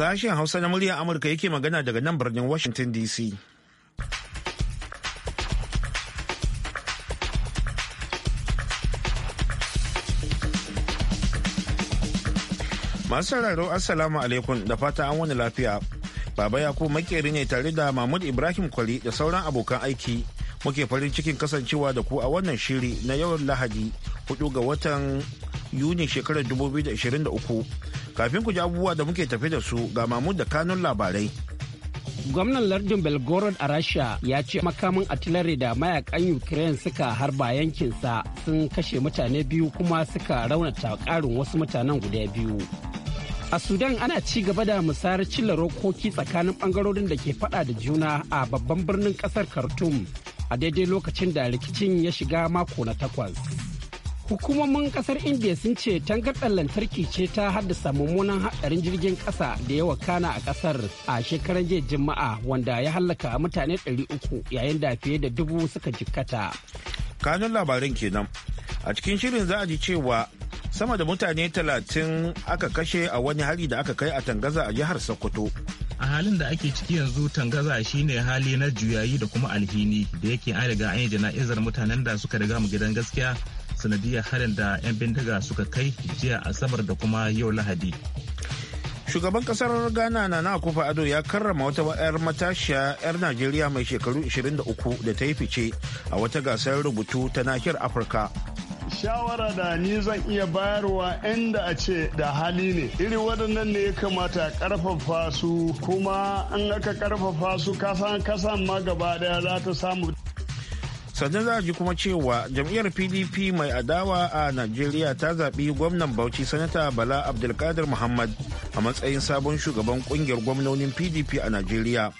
Sashen Hausa na muryar Amurka yake magana daga nan birnin Washington DC. Masu sauraro Assalamu alaikum da fata an wani lafiya. Baba Yakubu makeri ne tare da Mahmud Ibrahim Kwali da sauran abokan aiki. Muke farin cikin kasancewa da ku a wannan shiri na yau Lahadi 4 ga watan Yuni shekarar 2023. Kafin ku ji abubuwa da muke tafe da su ga mamu da kanun labarai. Gwamnan lardin Belgorod a Rasha ya ce makamin atilare da mayakan Ukraine suka harba yankinsa sun kashe mutane biyu kuma suka raunata karin wasu mutanen guda biyu. A Sudan ana ci gaba da musayar cilla rokoki tsakanin bangarorin da ke fada da juna a babban birnin kasar Khartoum a daidai lokacin da rikicin ya shiga mako na takwas. hukumomin kasar india sun ce tangarɗar lantarki ce ta haddasa mummunan haɗarin jirgin ƙasa da yawa kana a kasar a shekaran jiya juma'a wanda ya hallaka mutane 300 yayin da fiye da dubu suka jikkata kanun labarin kenan a cikin shirin za a ji cewa sama da mutane 30 aka kashe a wani hari da aka kai a tangaza a jihar sokoto a halin da ake ciki yanzu tangaza shine hali na juyayi da kuma alhini da yake an riga an yi jana'izar mutanen da suka riga mu gidan gaskiya sanadiyar harin da 'yan bindiga suka kai jiya asabar da kuma yau lahadi shugaban kasar ghana na na kufa ado ya karrama wata 'yar matashiya 'yar najeriya mai shekaru 23 da ta yi fice a wata gasar rubutu ta nahiyar afirka shawara da ni zan iya bayarwa inda a ce da hali ne iri waɗannan ne ya kamata karfafa su kuma an aka karfafa su kasan kasan ma gaba daya za ta samu sannan za a ji kuma cewa jam'iyyar pdp mai adawa a najeriya ta zaɓi gwamnan bauchi sanata bala abdulkadir muhammad a matsayin sabon shugaban ƙungiyar gwamnonin pdp a najeriya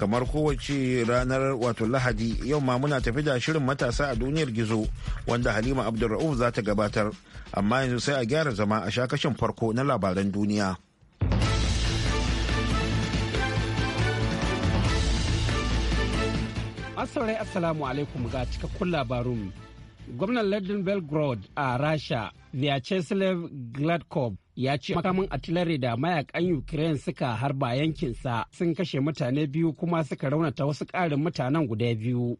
kamar kowace ranar wato lahadi yau ma muna tafi da shirin matasa a duniyar gizo wanda halima abdulra'uf za ta gabatar amma yanzu sai a gyara zama a shakashin farko na labaran duniya. Asarai asalamu alaikum ga cikakkun labarun. Gwamnan Lardin Belgrade a Rasha, Vyacheslav Gladkov ya ce makamin atilare da mayakan Ukraine suka harba yankinsa sun kashe mutane biyu kuma suka raunata wasu ƙarin mutanen guda biyu.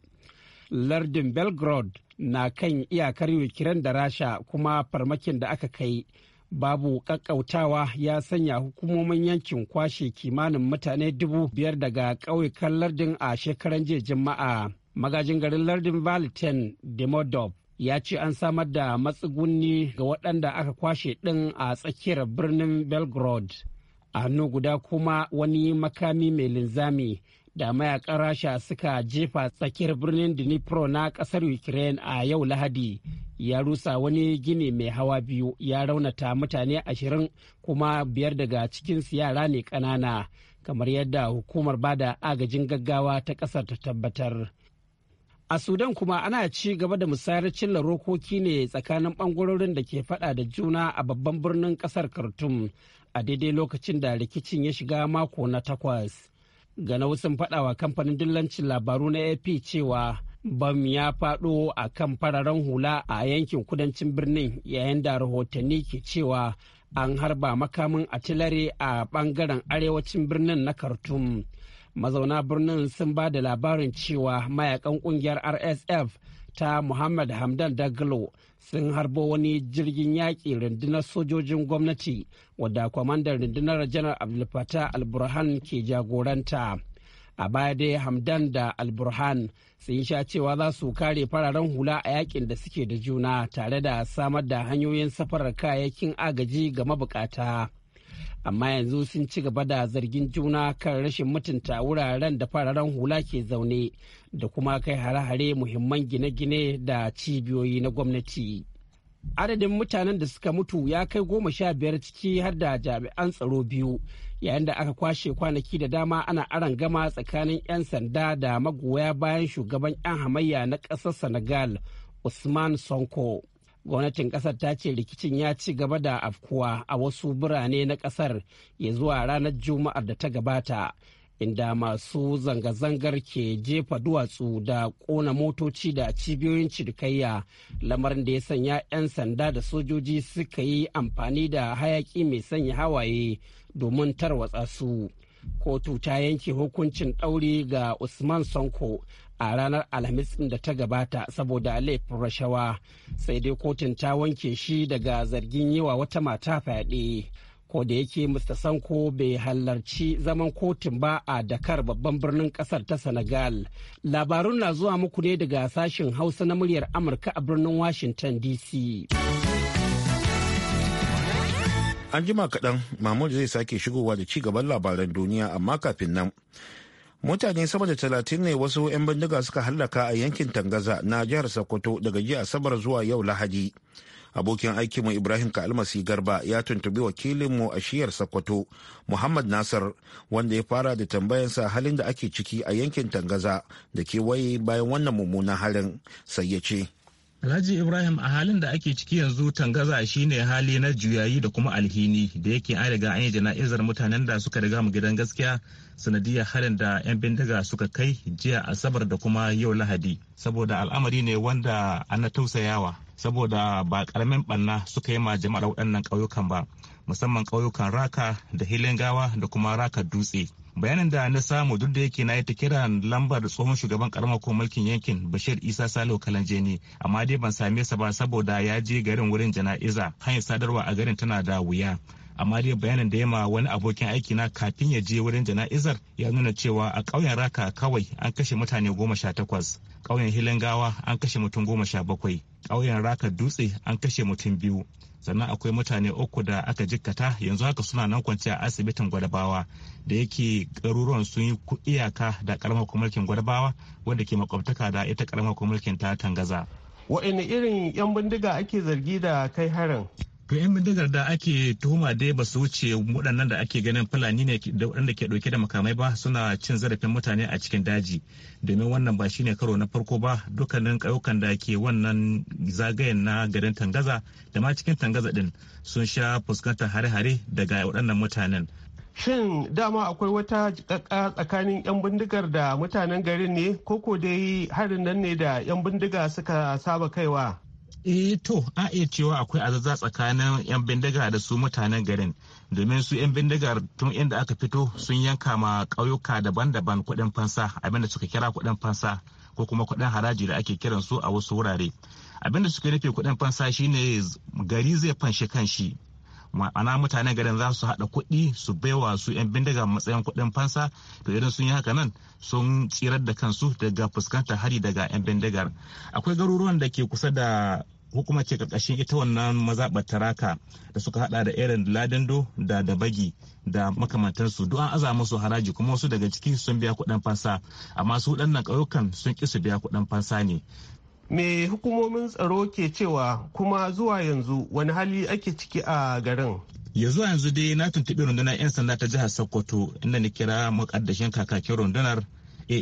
Lardin Belgrade na kan iyakar Ukraine da Rasha kuma farmakin da aka kai babu kakkautawa ya sanya hukumomin yankin kwashe kimanin mutane dubu biyar daga ƙauyukan lardin a shekaran jiya juma'a magajin garin lardin valentin demodov ya ce an samar da matsugunni ga waɗanda aka kwashe ɗin a tsakiyar birnin belgrade a hannu guda kuma wani makami mai linzami da mayakan rasha suka jefa tsakiyar birnin dnipro na kasar ukraine a yau lahadi ya rusa wani gini mai hawa biyu ya raunata mutane ashirin kuma biyar daga cikinsu yara ne ƙanana kamar yadda hukumar bada agajin gaggawa ta ƙasar ta tabbatar a sudan kuma ana ci gaba da musayar cilla rokoki ne tsakanin ɓangarorin da ke faɗa da juna a babban birnin ƙasar khartoum a daidai lokacin da rikicin ya shiga mako na takwas ga Ganau sun faɗawa kamfanin dillancin labaru na AP cewa bam ya faɗo a kan fararen hula a yankin kudancin birnin yayin da rahotanni ke cewa an harba makamin atilare a ɓangaren arewacin birnin na khartoum mazauna birnin sun ba da labarin cewa mayakan ƙungiyar rsf ta muhammad hamdan daglo sun harbo wani jirgin yaƙi rundunar sojojin gwamnati wadda kwamandan rundunar janar abdulfatah alburhan ke jagoranta a baya dai hamdan da alburhan sun sha cewa za su kare fararen hula a yakin da suke da juna tare da samar da hanyoyin safarar kayayyakin agaji ga mabukata. amma yanzu sun ci gaba da zargin juna kan rashin mutunta wuraren da fararen hula ke zaune da kuma kai hare-hare muhimman gine-gine da cibiyoyi na gwamnati adadin mutanen da suka mutu ya kai goma sha biyar ciki har da jami'an tsaro biyu yayin da aka kwashe kwanaki da dama ana aron gama tsakanin 'yan sanda da magoya bayan shugaban 'yan hamayya na ƙasar senegal usman sonko gwamnatin kasar ta ce rikicin ya ci gaba da afkuwa a wasu birane na kasar ya zuwa ranar juma'ar da ta gabata inda masu zanga-zangar ke jefa duwatsu da kona motoci da cibiyoyin cirkayya lamarin da ya sanya 'yan sanda da sojoji suka yi amfani da hayaki mai sanya hawaye domin tarwatsa su kotu ta yanke hukuncin ɗauri ga usman sonko a ranar alhamis da ta gabata saboda laifin rashawa sai dai kotun ta wanke shi daga zargin yi wa wata mata fyaɗe ko da yake mr sanko bai halarci zaman kotun ba a dakar babban birnin kasar ta senegal labarun na zuwa muku ne daga sashen hausa na muryar amurka a birnin washington dc an jima kaɗan mahmud zai sake shigowa da ci gaban labaran duniya amma kafin nan mutane sama da talatin ne wasu 'yan bindiga suka hallaka a yankin tangaza na jihar sokoto daga jiya asabar zuwa yau lahadi abokin aikinmu ibrahim kalmasi garba ya tuntubi wakilinmu a shiyar sokoto muhammad nasar wanda ya fara da tambayansa halin da ake ciki a yankin tangaza da kewaye bayan wannan mummunan halin sai ya ce Alhaji Ibrahim a halin da ake ciki yanzu tangaza shine hali na juyayi da kuma alhini da yake an riga an yi jana'izar mutanen da suka riga mu gidan gaskiya sanadiyar harin da 'yan bindiga suka kai jiya asabar da kuma yau lahadi saboda al'amari ne wanda ana tausayawa saboda ba karamin banna suka yi ma jama'ar waɗannan ƙauyukan ba musamman ƙauyukan raka da hilingawa da kuma raka dutse bayanin da na samu duk da yake na yi ta kira lambar tsohon shugaban karamar ko mulkin yankin bashir isa salo kalanje ne amma dai ban same sa ba saboda ya je garin wurin jana'iza hanyar sadarwa a garin tana da wuya amma dai bayanin da ya ma wani abokin aiki na kafin ya je wurin jana'izar ya nuna cewa a ƙauyen raka kawai an kashe mutane goma sha takwas ƙauyen hilangawa an kashe mutum goma sha bakwai ƙauyen raka dutse an kashe mutum biyu sannan akwai mutane uku da aka jikkata yanzu haka suna nan kwanci a asibitin gwadabawa da yake garuruwan sun yi iyaka da karamar mulkin gwadabawa wanda ke makwabtaka da ita karamar mulkin ta tangaza waɗanne irin 'yan bindiga ake zargi da kai harin to yan bindigar da ake tuhuma dai ba su wuce waɗannan da ake ganin fulani ne da waɗanda ke ɗauke da makamai ba suna cin zarafin mutane a cikin daji domin wannan ba shine karo na farko ba dukkanin ƙauyukan da ke wannan zagayen na garin tangaza da ma cikin tangaza ɗin sun sha fuskantar hare-hare daga waɗannan mutanen shin dama akwai wata jikakka tsakanin 'yan bindigar da mutanen garin ne koko dai harin nan ne da 'yan bindiga suka saba kaiwa eh to a iya cewa akwai azazza tsakanin 'yan bindiga da su mutanen garin domin su 'yan bindigar tun inda aka fito sun yanka ma ƙauyuka daban-daban kuɗin fansa abinda suka kira kuɗin fansa ko kuma kuɗin haraji da ake kiransu a wasu wurare abinda suka nufi kuɗin fansa shine gari zai fanshi shi. ma'ana mutanen garin za su haɗa kuɗi su baiwa su 'yan bindiga matsayin kuɗin fansa to idan sun yi haka nan sun tsirar da kansu daga fuskantar hari daga 'yan bindigar akwai garuruwan da ke kusa da hukumar ke karkashin ita wannan mazaɓar taraka da suka hada da irin ladando da dabagi da makamantansu duk an aza musu haraji kuma wasu daga ciki sun biya kuɗin fansa amma su waɗannan ƙauyukan sun ƙi su biya kuɗin fansa ne me hukumomin tsaro ke cewa kuma zuwa yanzu wani hali ake ciki a garin ya zuwa yanzu dai na tuntuɓi rundunar 'yan sanda ta jihar sokoto inda na kira makaddashin kakakin rundunar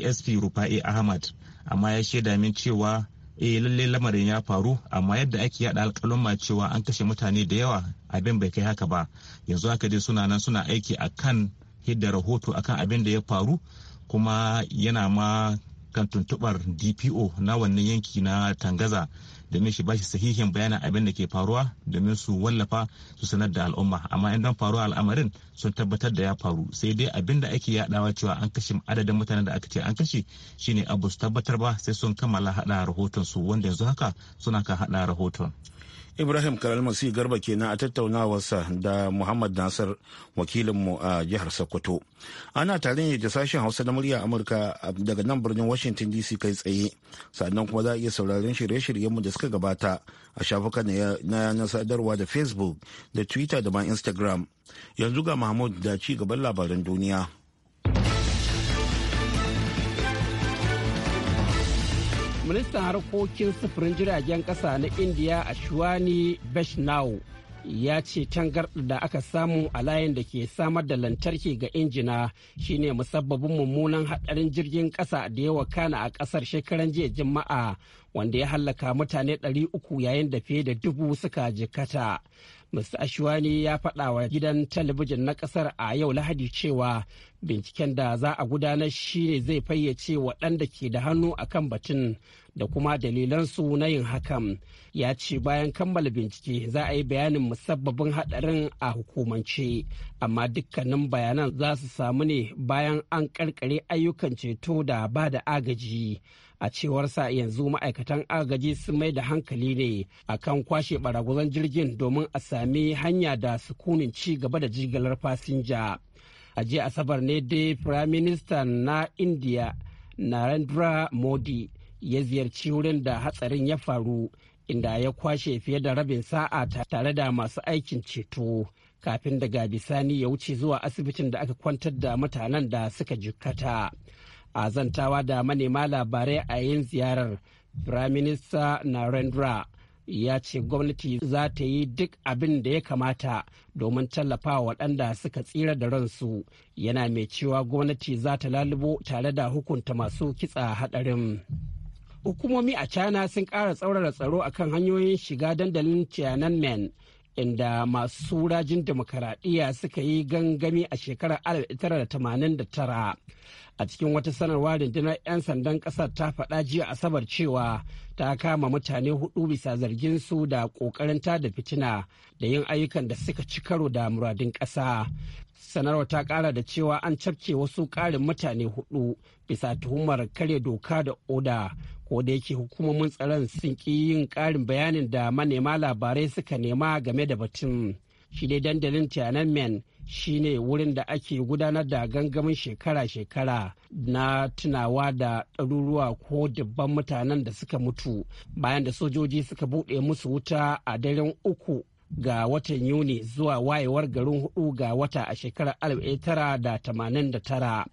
asp rufa'i ahmad amma ya shaida min cewa eh lallai lamarin ya faru amma yadda ake yada alƙalumma cewa an kashe mutane da yawa abin bai kai haka ba yanzu haka dai suna nan suna aiki akan hidda rahoto akan abin da ya faru kuma yana ma kan tuntubar dpo na wannan yanki na tangaza domin shi bashi sahihin bayanin abin da ke faruwa domin su wallafa su sanar da al'umma amma in don faruwa al'amarin sun tabbatar da ya faru sai dai abin da ake yadawa cewa an kashe adadin mutanen da aka ce an kashe shine abu su tabbatar ba sai sun kammala hada rahoton su wanda yanzu haka suna kan hada rahoton Ibrahim Kalalmasi Garba kenan a tattaunawarsa da Muhammad Nasir wakilinmu a jihar Sokoto. Ana tare ne da sashen Hausa na murya Amurka daga nan birnin Washington DC kai tsaye. Sannan kuma za a iya sauraron shirye-shiryenmu da suka gabata a shafukan na yanar sadarwa da Facebook da Twitter da ma Instagram. Yanzu ga Mahmud da ci gaban labaran duniya. ministan harkokin sufurin jiragen kasa na indiya ashwani beshnau ya ce tangar da aka samu a layin da ke samar da lantarki ga injina shine musabbabin mummunan haɗarin jirgin ƙasa da yawa kana a ƙasar shekaran jiya juma'a wanda ya hallaka mutane 300 yayin da fiye da dubu suka jikata. Mr. Ashwani ya faɗa wa gidan talabijin na ƙasar a yau Lahadi cewa binciken da za a gudanar shi ne zai fayyace waɗanda ke da hannu a kan batun da kuma dalilansu na yin hakan ya ce bayan kammala bincike za a yi bayanin musabbabin haɗarin a hukumance amma dukkanin bayanan za su samu ne bayan an karkare ayyukan ceto da ba da agaji a cewar sa yanzu ma'aikatan agaji sun mai da hankali ne a kan kwashe baragwazon jirgin domin a sami hanya da sukunin ci gaba da jigilar fasinja a jiya asabar ne dai prime minister na india narendra modi ya ziyarci wurin da hatsarin ya faru inda ya kwashe fiye da rabin sa'a tare da masu aikin ceto kafin daga bisani ya wuce zuwa asibitin da aka kwantar da mutanen da suka jikata, a zantawa da manema labarai a yin ziyarar firaminista narendra ya ce gwamnati za ta yi duk abin da ya kamata domin tallafa waɗanda suka tsira da ransu yana mai cewa gwamnati za ta lalubo tare da hukunta masu kitsa haɗarin. hukumomi a china sun ƙara tsaurara tsaro akan hanyoyin shiga dandalin tiananmen inda masu rajin demokaradiyya suka yi gangami a shekarar 1989 a cikin wata sanarwa rundunar 'yan sandan ƙasar ta faɗa jiya asabar cewa ta kama mutane hudu bisa zargin su da ƙoƙarin da fitina da yin ayyukan da suka ci karo da muradin ƙasa sanarwar ta kara da cewa an cafke wasu karin mutane hudu bisa tuhumar karya doka da oda ko da yake hukumomin tsaron sun ki yin karin bayanin da manema labarai suka nema game da batun shi dai dandalin tiananmen shine wurin da ake gudanar da gangamin shekara-shekara na tunawa da ɗaruruwa ko dubban mutanen da suka mutu bayan da sojoji suka buɗe musu wuta a daren uku ga watan Yuni zuwa wayewar garin hudu ga wata a shekarar 1989.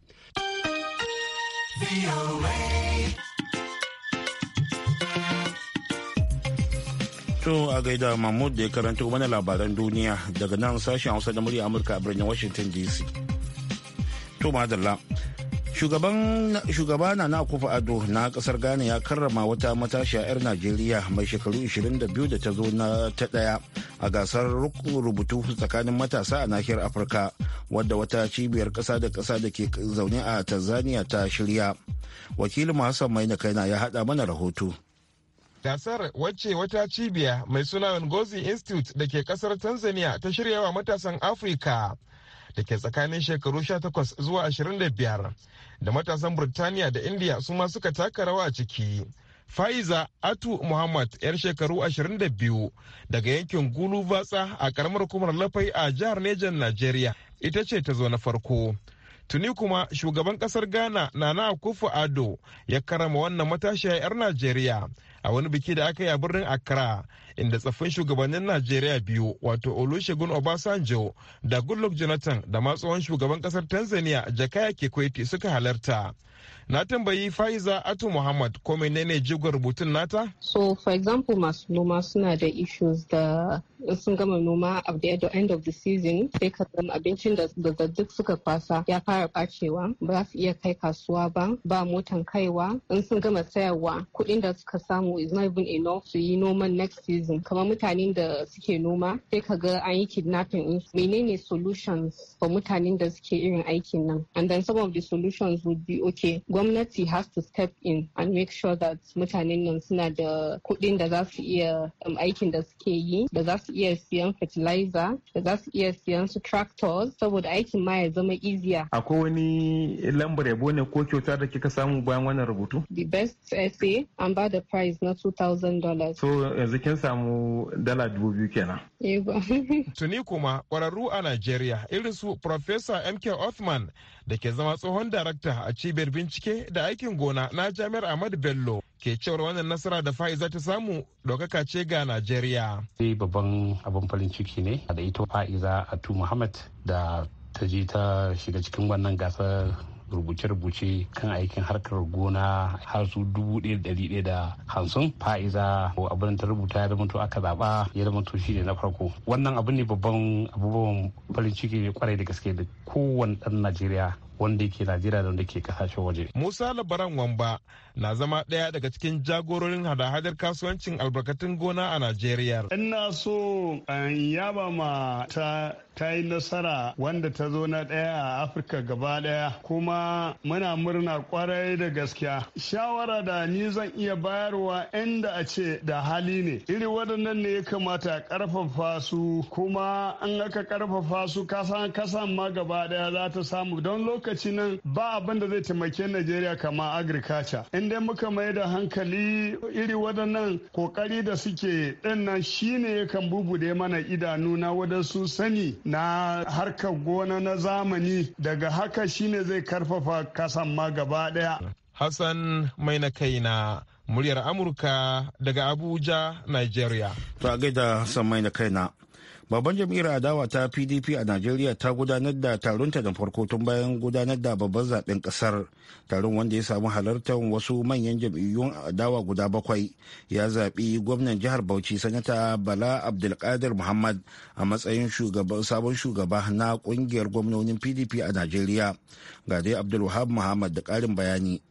To a gaida Mahmud da ya karanto mana labaran duniya daga nan sashen Hausa da murya Amurka a birnin Washington DC. To madalla. shugaba na na kufa ado na kasar ghana ya karrama wata matashiya 'yar najeriya mai shekaru 22 da ta zo na ta daya a gasar rubutu tsakanin matasa a nahiyar afirka wadda wata cibiyar kasa da kasa da ke zaune a tanzania ta shirya wakilin hassan mai na kaina ya hada mana rahoto gasar wacce wata cibiya mai suna ngozi institute da ke kasar tanzania ta shirya wa matasan afirka da ke tsakanin shekaru 18 zuwa 25 da matasan Burtaniya da India su ma suka taka rawa a ciki. Faiza Atu Muhammad 'yar shekaru 22 daga yankin Gulu batsa a karamar hukumar Lafai a jihar Nejan Najeriya ita ce ta zo na farko. Tuni kuma shugaban kasar Ghana Nana Akufo Ado ya karama wannan matashiya 'yar Najeriya a wani biki da aka yi a birnin Accra inda tsaffin shugabannin najeriya biyu wato olusegun obasanjo da goodluck jonathan da matsohon shugaban kasar tanzania jakaya kikwete suka halarta na tambayi faiza atu muhammad ko menene jigon rubutun nata so for example masu noma suna da issues da sun gama noma at the end of the season sai ka abincin da duk suka kwasa ya fara bacewa ba su iya kai kasuwa ba ba motan kaiwa in sun gama sayarwa kuɗin da suka samu is not even enough to yi noman next season terrorism kamar mutanen da suke noma sai ka ga an yi kidnapping menene solutions for mutanen da suke irin aikin nan and then some of the solutions would be okay gwamnati has to step in and make sure that mutanen nan suna da kuɗin da za su iya um, aikin da suke yi da za su iya siyan fertilizer da za su iya siyan su tractors saboda aikin ma ya zama easier akwai wani lambar yabo ne ko kyauta da kika samu bayan wannan rubutu the best essay an ba da prize na $2000 so yanzu kin samu samu dala dubu biyu kenan. Eh, Tuni kuma kwararru a Najeriya irin su Profesa MK Othman da ke zama tsohon darakta a cibiyar bincike da aikin gona na Jami'ar Ahmad Bello ke cewar wannan nasara da fa'iza ta samu ɗaukaka ce ga Najeriya. Eh, babban abin farin ciki ne da ita fa'iza Atu Muhammad da ta je ta shiga cikin wannan gasar rubuce-rubuce kan aikin harkar gona har su dubu ɗaya da hamsin fa'iza ko abin ta rubuta ya zamanto aka zaɓa ya zamanto shi ne na farko wannan abu ne babban abubuwan farin ciki ne kwarai da gaske da kowane ɗan najeriya wanda yake najeriya da wanda ke kasashen waje musa labaran wamba na zama ɗaya daga cikin jagororin hada-hadar kasuwancin albarkatun gona a najeriya ina so yaba ma ta ta yi nasara wanda ta zo na ɗaya a afirka gaba ɗaya kuma muna murna kwarai da gaskiya shawara da ni zan iya bayarwa inda a ce da hali ne iri waɗannan ne ya kamata a ƙarfafa su kuma an aka ƙarfafa su kasan kasan ma gaba ɗaya za ta samu don lokaci nan ba abin da zai taimake najeriya kama agriculture in dai muka mai da hankali iri waɗannan kokari da suke ɗin nan shine yakan bubude mana idanu na wadansu sani na harkar gona na zamani daga haka shine zai karfafa kasan ma gaba daya. Hassan mai na kaina muryar Amurka daga Abuja, Nigeria. To a gaida Hassan mai na kaina. Babban jam'iyyar adawa ta PDP a Najeriya ta gudanar da taronta da farko tun bayan gudanar da babban zaben kasar. Taron wanda ya samu halartar wasu manyan jam'iyyun adawa guda bakwai ya zaɓi gwamnan jihar Bauchi sanata Bala Abdulkadir Muhammad a matsayin sabon shugaba na ƙungiyar gwamnonin PDP a Najeriya. Ga dai Abdulwahab Muhammad da ƙarin bayani.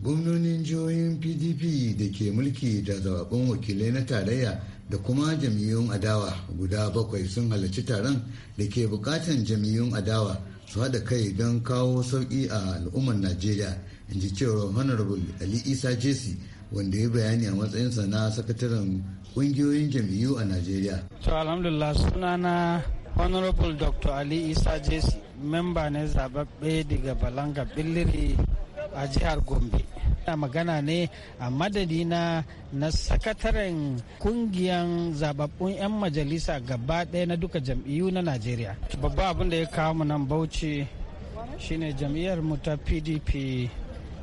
gwamnonin jihohin pdp da ke mulki da zababbun wakilai na tarayya da kuma jami'un adawa guda bakwai sun halarci taron da ke bukatan jami'un adawa su haɗa kai don kawo sauƙi a al'ummar najeriya in ji cewa honorable ali isa jesi wanda ya bayani a matsayinsa na sakataren ƙungiyoyin jam'iyyu a najeriya to alhamdulillah sunana honorable dr ali isa jesi memba ne zababbe daga balanga billiri a jihar Gombe. na magana ne a madadi na sakataren kungiyan zababbun 'yan majalisa gaba ɗaya na duka jam'iyyu na Najeriya. Babba abin da ya kawo mu nan Bauchi shine jam'iyyar mu ta PDP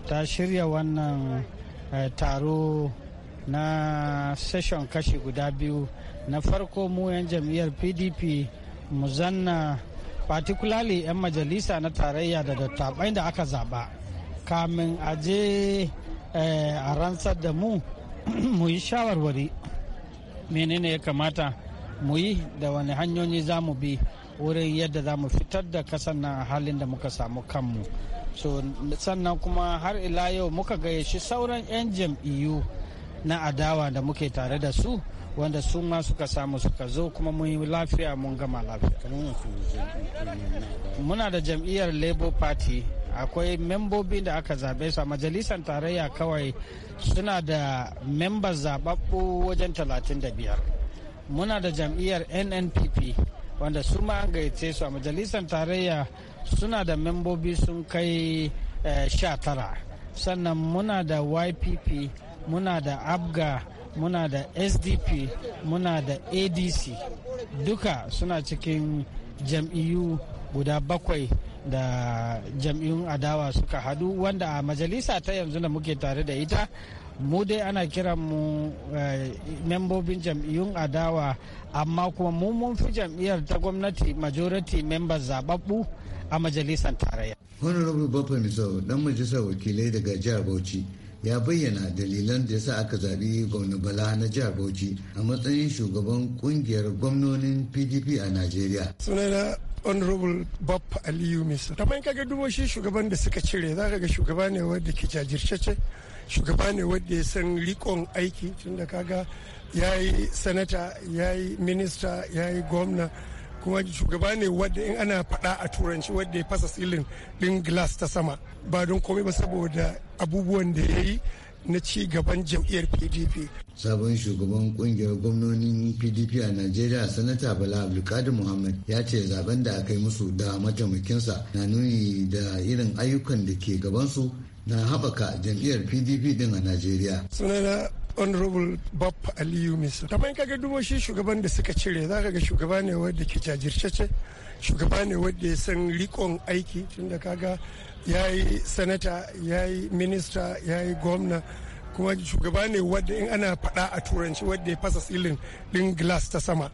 ta shirya wannan eh, taro na session kashi guda biyu na farko mu 'yan jam'iyyar pdp mu zanna particularly 'yan majalisa na tarayya da dattabai da aka zaba kamin aje eh, a rantsar da mu mu yi shawarwari menene ya kamata mu yi da wani hanyoyi za mu bi wurin yadda za mu fitar da kasan nan a halin da muka samu kanmu so sannan kuma har ila yau muka shi sauran 'yan jam'iyyu na adawa da muke tare da su wanda su ma suka samu suka zo kuma mun yi lafiya mun gama lafiya muna da jam'iyyar labour party akwai membobi da aka zaɓe su a majalisar tarayya kawai suna da membar zaɓaɓɓu wajen 35 muna da jam'iyyar nnpp wanda su ma an gayyace su a majalisar tarayya suna da membobi sun kai eh, sha tara sannan muna da ypp muna da abga muna da sdp muna da adc duka suna cikin jam'iyyu guda bakwai da jam'iyyun adawa suka hadu wanda a majalisa ta yanzu da muke tare da ita mu dai ana kiran mu eh, membobin jam'iyyun adawa amma kuma mu mun fi jam'iyyar ta gwamnati majority members zababbu a majalisar tarayya. honorable baffa misau dan majalisar wakilai daga jihar bauchi ya bayyana dalilan da yasa aka zaɓi gwamna bala na jihar bauchi a matsayin shugaban kungiyar gwamnonin pdp a najeriya sunana honorable Bob aliyu misa kamar ka dubo shi shugaban da suka cire za ka ga shugaba ne wadda ke jajirce shugaba ne wadda ya san rikon aiki tun da kaga ya yi sanata ya yi minista ya yi gwamna kuma shugaba ne wadda in ana faɗa a turanci wadda ya fasa silin ɗin glass ta sama ba don komai ba saboda abubuwan da ya yi na ci gaban jam'iyyar pdp sabon shugaban kungiyar gwamnonin pdp a najeriya sanata bala abdulkadir muhammad ya ce zaben da aka yi musu da mataimakinsa na nuni da irin ayyukan da ke gabansu na haɓaka jam'iyyar pdp din a najeriya sunana honorable bob aliyu misa kamar in kaga dubo shi shugaban da suka cire za ka ga shugaba ne wadda ke jajirce shugaba ne wadda ya san rikon aiki da kaga ya yi sanata ya yi minista ya yi gwamna kuma shugaba ne wadda in ana faɗa a turanci wadda ya fasa silin ɗin glass ta sama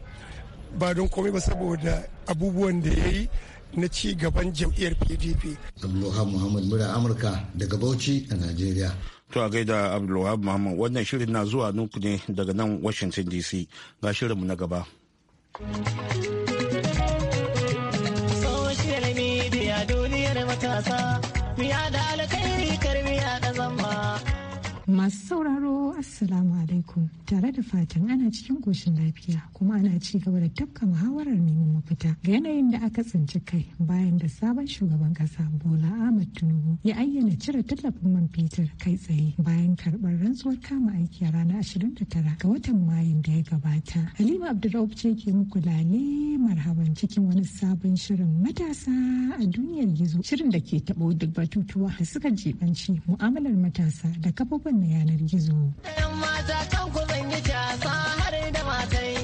ba don komai ba saboda abubuwan da ya yi na ci gaban jam'iyyar pdp abdullahi muhammad mura amurka daga bauchi a najeriya To a gaida Abdulwahab Muhammad wannan shirin na zuwa nuku ne daga nan Washington DC ga shirinmu na gaba. Social media duniyar matasa, miya da alkairi Masu sauraro Assalamu alaikum tare da fatan ana cikin ƙoshin lafiya kuma ana ci gaba da tafka muhawarar neman mafita ga yanayin da aka tsinci kai bayan da sabon shugaban ƙasa Bola Ahmad Tinubu ya ayyana cire tallafin man fetur kai tsaye bayan karɓar rantsuwar kama aiki a rana ashirin da tara, ga watan Mayun da ya gabata. Halima Abdulrauf ce ke muku lale marhaban cikin wani sabon shirin matasa a duniyar gizo shirin da ke taɓo duk batutuwa da suka jibanci mu'amalar matasa da kafofin na yanar gizo. 'Yan mata kan ku zangi jasa har da matai.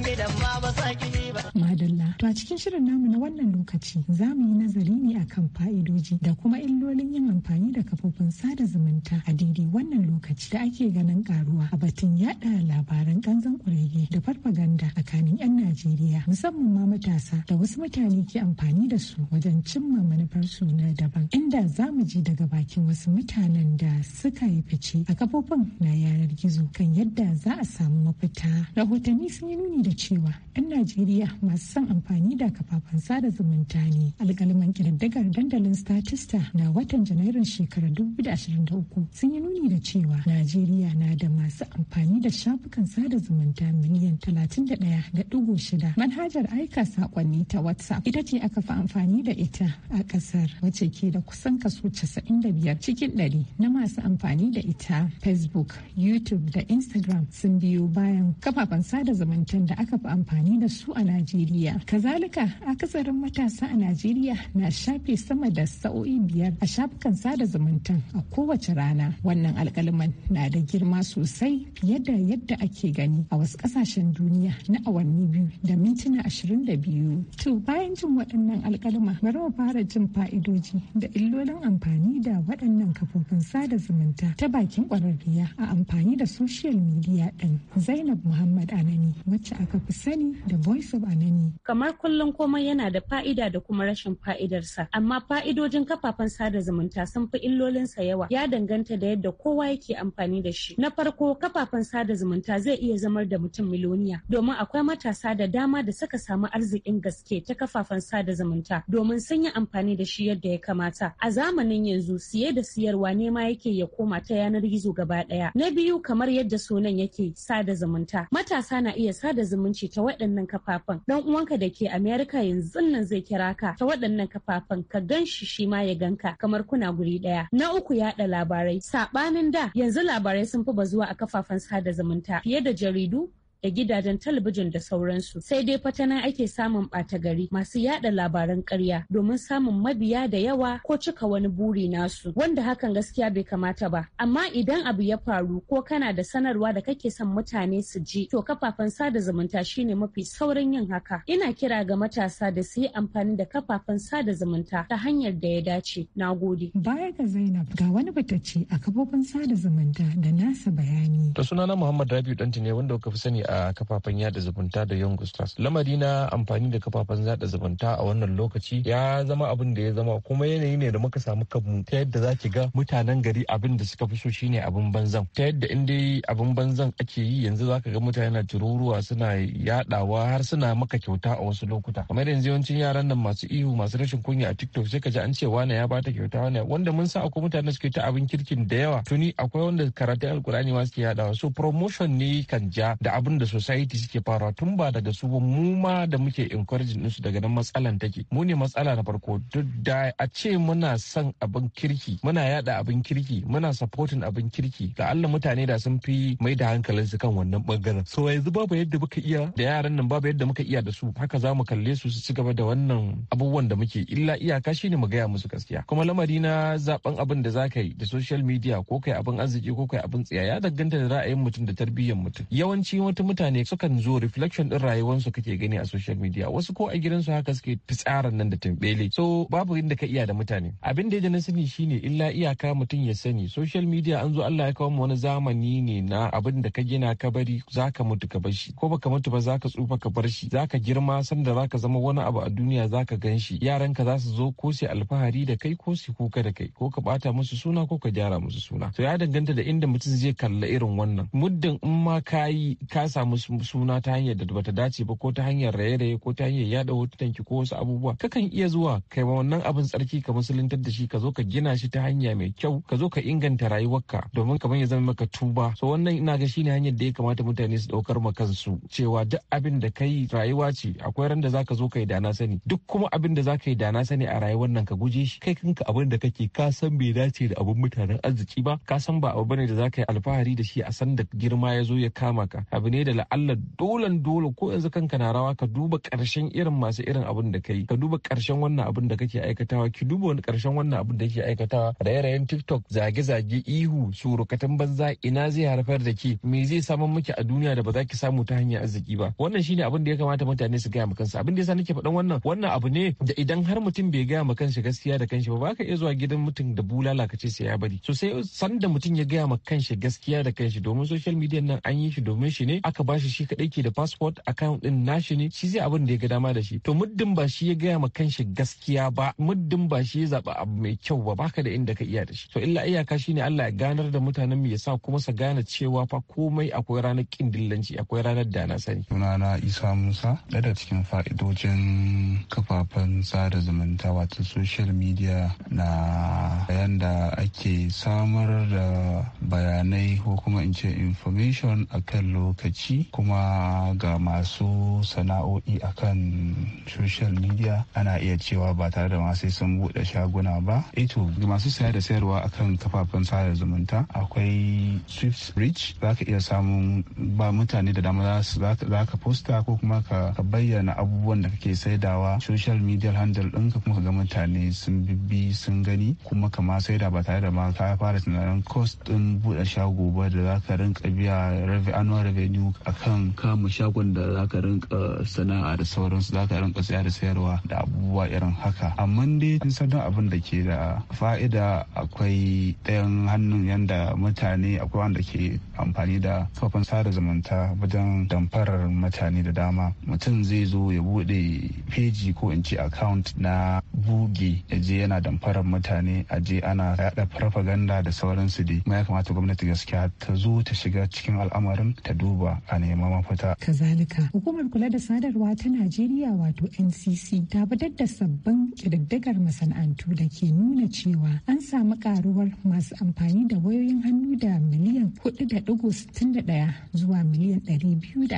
a cikin shirin namu na wannan lokaci za mu yi nazari ne a kan fa'idoji da kuma illolin yin amfani da kafofin sada zumunta a daidai wannan lokaci da ake ganin karuwa a batun yada labaran kanzan kurege da farfaganda tsakanin 'yan Najeriya musamman ma matasa da wasu mutane ke amfani da su wajen cimma manufarsu na daban inda za mu je daga bakin wasu mutanen da suka yi fice a kafofin na yanar gizo kan yadda za a samu mafita. Rahotanni sun yi nuni da cewa 'yan Najeriya masu son amfani amfani da kafafen sada zumunta ne. Alƙalman ƙididdigar dandalin Statista na watan Janairun shekarar 2023 sun yi nuni da cewa Najeriya na da masu amfani da shafukan sada zumunta miliyan 31.6. Manhajar aika saƙonni ta WhatsApp ita ce aka fi amfani da ita a ƙasar wacce ke da kusan kaso 95 cikin 100 na masu amfani da ita. Facebook, YouTube da Instagram sun biyo bayan kafafen sada zumuntan da aka fi amfani da su a Najeriya. Kazalika, akasarin matasa a Najeriya na shafe sama da sa'o'i biyar a shafukan sada zumunta a kowace rana. Wannan alkaliman na da girma sosai yadda yadda ake gani a wasu kasashen duniya na awanni biyu da mintuna ashirin da biyu. To bayan jin waɗannan alkalima bari mu fara jin fa'idoji da illolin amfani da waɗannan kafofin sada zumunta ta bakin ƙwararriya a amfani da social media ɗin. Zainab Muhammad Anani wacce aka fi sani da Voice of Anani. Kamar Akullun kullum komai yana da fa'ida da kuma rashin fa'idarsa amma fa'idojin kafafen sada zumunta sun fi illolinsa yawa ya danganta da yadda kowa yake amfani da shi na farko kafafen sada zumunta zai iya zamar da mutum miloniya domin akwai matasa da dama da suka samu arzikin gaske ta kafafen sada zumunta domin sun yi amfani da shi yadda ya kamata a zamanin yanzu siye da siyarwa ne ma yake ya koma ta yanar gizo gaba daya na biyu kamar yadda sunan yake sada zumunta matasa na iya sada zumunci ta waɗannan kafafen dan uwanka da ke ke Amerika yanzu nan zai kira ka ta waɗannan kafafen ka gan shi shi ma ya ganka kamar kuna guri ɗaya. Na uku yaɗa labarai. Saɓanin da yanzu labarai sun fi bazuwa a kafafen sada zumunta fiye da jaridu da gidajen talabijin da sauransu sai dai fatana ake samun ɓata gari masu yada labaran karya domin samun mabiya da yawa ko cika wani buri nasu wanda hakan gaskiya bai kamata ba amma idan abu ya faru ko kana da sanarwa da kake son mutane su ji to kafafen sada zumunta shine mafi saurin yin haka ina kira ga matasa da su yi amfani da kafafen sada zumunta ta hanyar da ya dace na gode baya ga zainab ga wani batacce a kafofin sada zumunta da nasa bayani da sunana muhammad rabiu danti ne wanda kuka fi sani a a kafafen yada zumunta da young stars lamari na amfani da kafafen yada zumunta a wannan lokaci ya zama abin da ya zama kuma yanayi ne da muka samu kanmu ta yadda za ki ga mutanen gari abin da suka fi so shine abin banzan ta yadda in dai abin banzan ake yi yanzu za ka ga mutane na tururuwa suna yadawa har suna maka kyauta a wasu lokuta kamar yanzu yawancin yaran nan masu ihu masu rashin kunya a tiktok sai ka ji an ce wane ya bata kyauta wane wanda mun sa akwai mutane suke ta abin kirkin da yawa tuni akwai wanda karatun alkurani ma suke yadawa so promotion ne kan ja da abin da society suke farawa tun ba daga su mu ma da muke encouraging su daga nan matsalan take mu ne matsala na farko duk da a ce muna son abin kirki muna yada abin kirki muna supporting abin kirki ga Allah mutane da sun fi mai da hankalin su kan wannan bangaren so yanzu babu yadda muka iya da yaran nan babu yadda muka iya da su haka za mu kalle su su cigaba da wannan abubuwan da muke illa iyaka shine mu gaya musu gaskiya kuma lamari na zaben abin da zaka yi da social media ko kai abin arziki ko kai abin tsiya ya danganta da ra'ayin mutum da tarbiyyar mutum yawanci wata mutane sukan zo reflection din rayuwarsu kake gani a social media wasu ko a gidansu haka suke fitsarin nan da tumbele so babu inda ka iya da mutane abin da ya na sani shine illa iyaka mutum ya sani social media an zo Allah ya kawo mu wani zamani ne na abin da ka gina ka bari zaka mutu ka bashi ko baka mutu ba zaka tsufa ka bar shi zaka girma sanda zaka zama wani abu a duniya zaka gan shi yaranka za su zo ko su alfahari da kai ko su kuka da kai ko ka bata musu suna ko ka gyara musu suna so ya danganta da inda mutum zai kalla irin wannan muddin in ma kayi ka samu suna ta hanyar da bata dace ba ko ta hanyar raye-raye ko ta hanyar yada hotunanki ki ko wasu abubuwa kakan iya zuwa kai ma wannan abin tsarki ka musuluntar da shi ka zo ka gina shi ta hanya mai kyau ka zo ka inganta rayuwarka domin kamar ya zama maka tuba so wannan ina ga shine hanyar da ya kamata mutane su ɗaukar ma kansu cewa duk abin da kai rayuwa ce akwai ran da zaka zo kai dana sani duk kuma abin da zaka yi dana sani a rayuwar nan ka guje shi kai kanka abin da kake ka san bai dace da abin mutanen arziki ba ka san ba abu bane da zaka yi alfahari da shi a san da girma ya zo ya kama ka abu ne da la'alla dolan dole ko yanzu kanka na rawa ka duba karshen irin masu irin abin da kai ka duba karshen wannan abin da kake aikatawa ki duba wani karshen wannan abin da kake aikatawa raye-rayen tiktok zage-zage ihu surukatan banza ina zai harfar da ki me zai samu miki a duniya da ba za ki samu ta hanyar arziki ba wannan shine abin da ya kamata mutane su gaya ma kansu abin da yasa nake faɗan wannan wannan abu ne da idan har mutum bai gaya ma kanshi gaskiya da kanshi ba baka iya zuwa gidan mutum da bulala ka ce sai ya bari so sai sanda mutum ya gaya ma kanshi gaskiya da kanshi domin social media nan an yi shi domin shi ne aka bashi shi kaɗai ke da passport account ɗin nashi ne shi zai abin da ya ga dama da shi to muddin ba shi ya gaya ma kanshi gaskiya ba muddin ba shi ya zaɓi abu mai kyau ba baka da inda ka iya da shi to illa iyaka shi ne Allah ya ganar da mutanen mu ya sa kuma sa gane cewa fa komai akwai ranar kin dillanci akwai ranar da na sani sunana Isa Musa ɗaya cikin fa'idojin kafafen sada zumunta wato social media na bayan da ake samar da bayanai ko kuma in ce information a kan lokaci shi kuma ga masu sana'o'i akan social media ana iya cewa ba tare da masu sun buɗe shaguna ba eto eh ga masu saya da sayarwa akan kafafen sada zumunta akwai swift bridge za ka iya samun ba mutane da dama za ka posta ko kuma ka bayyana abubuwan da kake saidawa social media handle ɗinka kuma ga mutane sun bibbi sun gani kuma kama saida ba tare da ma ka fara tunanin cost ɗin buɗe shago ba da za ka rinka biya annual revenue a kan kama shagon da za ka rinka sana'a da sauransu za ka rinka saya da sayarwa da abubuwa irin haka amma dai in sanar abin da ke da fa'ida akwai ɗayan hannun yanda mutane akwai wanda ke amfani da kafafen sada zumunta wajen damfarar mutane da dama mutum zai zo ya buɗe feji ko in ce account na buge ya je yana damfarar mutane a je ana yada propaganda da sauransu dai kuma ya kamata gwamnati gaskiya ta zo ta shiga cikin al'amarin ta duba a nema mafita. Kazalika, hukumar kula da sadarwa ta Najeriya wato NCC ta fitar da sabbin ƙididdigar masana'antu da ke nuna cewa an samu ƙaruwar masu amfani da wayoyin hannu da miliyan 4.61 zuwa miliyan da 84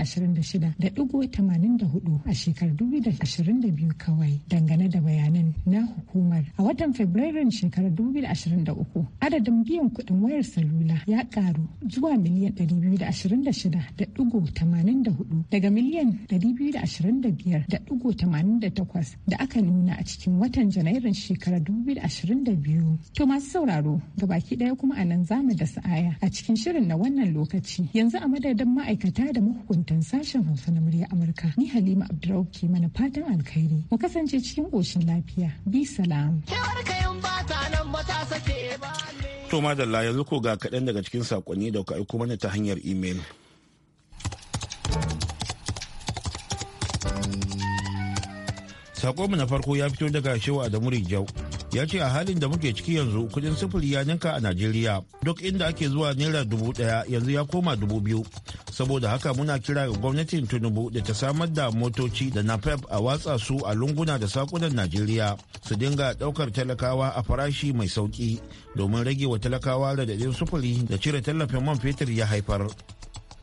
a shekarar 2022 kawai dangane da bayanan na hukumar. A watan Fabrairun shekarar 2023, adadin biyan kuɗin wayar salula ya ƙaru zuwa miliyan 226 1.84 daga miliyan 225.88 da aka nuna a cikin watan janairun shekarar 2022. To masu sauraro gabaki ɗaya kuma a nan zamu da sa'aya a cikin shirin na wannan lokaci. Yanzu a madadin ma'aikata da mahukuntan sashen Hausa na murya Amurka. Ni Halima Abdurrau ke mana fatan alkhairi. Mu kasance cikin koshin lafiya. Bi salam. To madalla yanzu ko ga kaɗan daga cikin saƙonni da ka aiko mana ta hanyar imel. mu na farko ya fito daga shewa da murin jau ya ce a halin da muke ciki yanzu kudin sufuri ya ninka a najeriya duk inda ake zuwa naira dubu daya yanzu ya koma dubu biyu saboda haka muna kira ga gwamnatin tunubu da ta samar da motoci da napep a watsa su a lunguna da sakunan najeriya su dinga daukar talakawa a farashi mai sauki domin rage wa talakawa radadin sufuri da cire tallafin man fetur ya haifar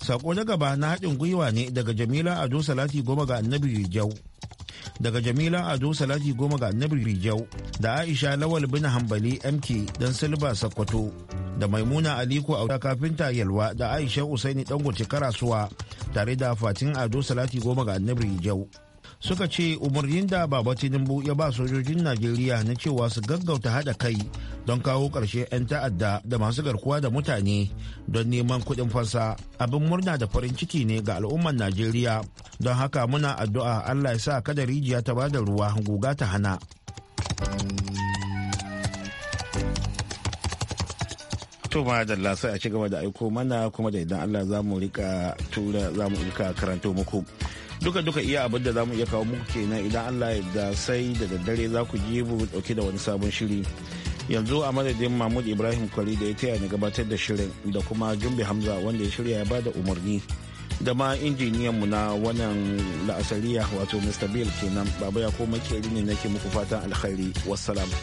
sako na gaba na haɗin gwiwa ne daga jamila ado salati goma ga annabi jau daga jamila ado salati goma ga annabi rijau da aisha lawal bin hambali mk dan silba sakkwato da maimuna aliko auta kafinta yalwa da aisha usaini dangote karasuwa tare da fatin ado salati goma ga annabi rijau suka ce umarnin da baba tinubu ya ba sojojin najeriya na cewa su gaggauta hada kai don kawo karshe 'yan ta'adda da masu garkuwa da mutane don neman kuɗin fansa abin murna da farin ciki ne ga al'ummar najeriya don haka muna addu'a allah ya sa kada rijiya ta bada ruwa guga ta hana to ma da lasa a ci gaba da aiko mana kuma da idan allah za mu rika tura za mu rika karanto muku duka duka iya abin da zamu iya kawo muku kenan idan Allah ya da sai da daddare za ku je mu dauke da wani sabon shiri yanzu a madadin mahmud ibrahim kwari da ya taya ni gabatar da shirin da kuma jumbe hamza wanda ya shirya ya bada umarni da ma injiniyan mu na wannan la'asariya wato mr bill kenan baba ya ko makeri ne nake muku fatan alkhairi wassalamu